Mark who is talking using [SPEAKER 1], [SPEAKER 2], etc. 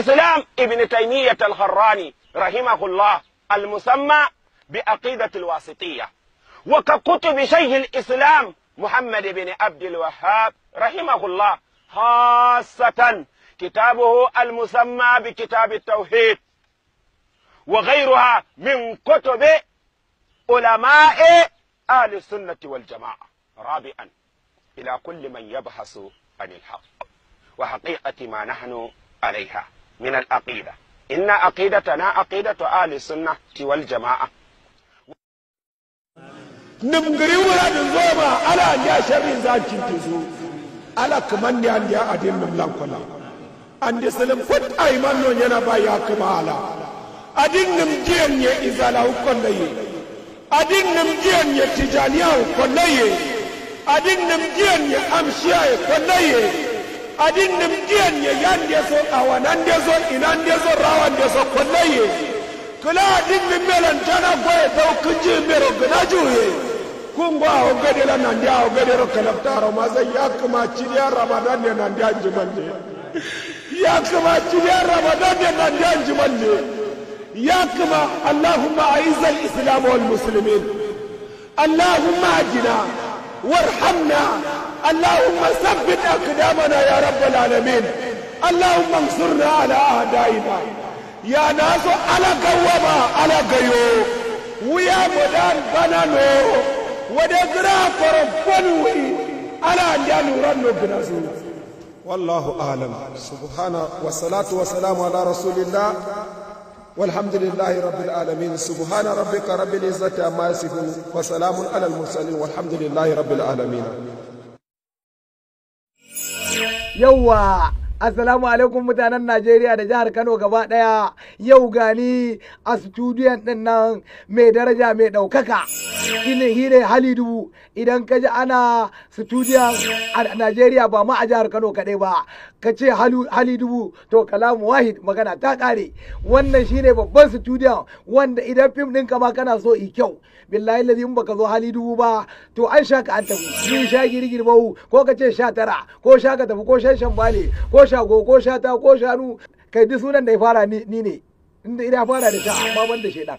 [SPEAKER 1] الإسلام ابن تيمية الخراني رحمه الله المسمى بعقيدة الواسطية وككتب شيخ الإسلام محمد بن عبد الوهاب رحمه الله خاصة كتابه المسمى بكتاب التوحيد
[SPEAKER 2] وغيرها
[SPEAKER 1] من كتب علماء أهل السنة والجماعة رابعا إلى كل من يبحث عن الحق وحقيقة ما نحن عليها min al-aqida inna aqidatana aqidatu ahli sunnati wal jamaa nimgiri wala din zoma ala ya
[SPEAKER 3] sharrin zakin tuzu ala kaman an ya adin min lankola an de salim fat man yana ba ya kuma ala adin jiyan ye izala hukon laye adin nim jiyan ye tijaniya hukon laye adin jiyan ye amshiya hukon laye adin nim diyan ye yan de so kawa nan de so inan de so rawan de so kollaye kula adin nim melan tana goye daw kunji mero gna juye kungo a ogede la nan dia ogede ro kalaftaro ma zai yakma cidiya ramadan ne nan dia jumanje yakma cidiya ramadan ne nan dia jumanje yakma allahumma aiz al-islam wal muslimin اللهم اهدنا وارحمنا اللهم ثبت أقدامنا يا رب العالمين اللهم انصرنا على أعدائنا يا ناس على قوما على قيو ويا مدان بنانو ودقرا فربنوي على أن ينورن بنزو والله أعلم سبحانه والصلاة والسلام على رسول الله والحمد لله رب العالمين سبحان ربك رب العزة عما يصفون وسلام على المرسلين والحمد لله رب العالمين
[SPEAKER 2] yauwa Assalamu alaikum mutanen Najeriya da jihar Kano gaba ɗaya. Yau gani a studiyon ɗin nan mai daraja mai ɗaukaka. shine hire hali dubu idan ka ji ana studio a Najeriya ba ma a jihar Kano kaɗai ba ka ce hali dubu to kalamu wahid magana ta kare wannan shine babban studio wanda idan fim ɗinka ma kana so i kyau billahi lazi in baka zo hali dubu ba to an sha ka an tafi ni sha girgir bau ko ka ce sha tara ko sha ka tafi ko shan shambale ko sha go ko sha ta ko shanu kai duk sunan da ya fara ni ne inda ina fara da sha amma ban da shaidan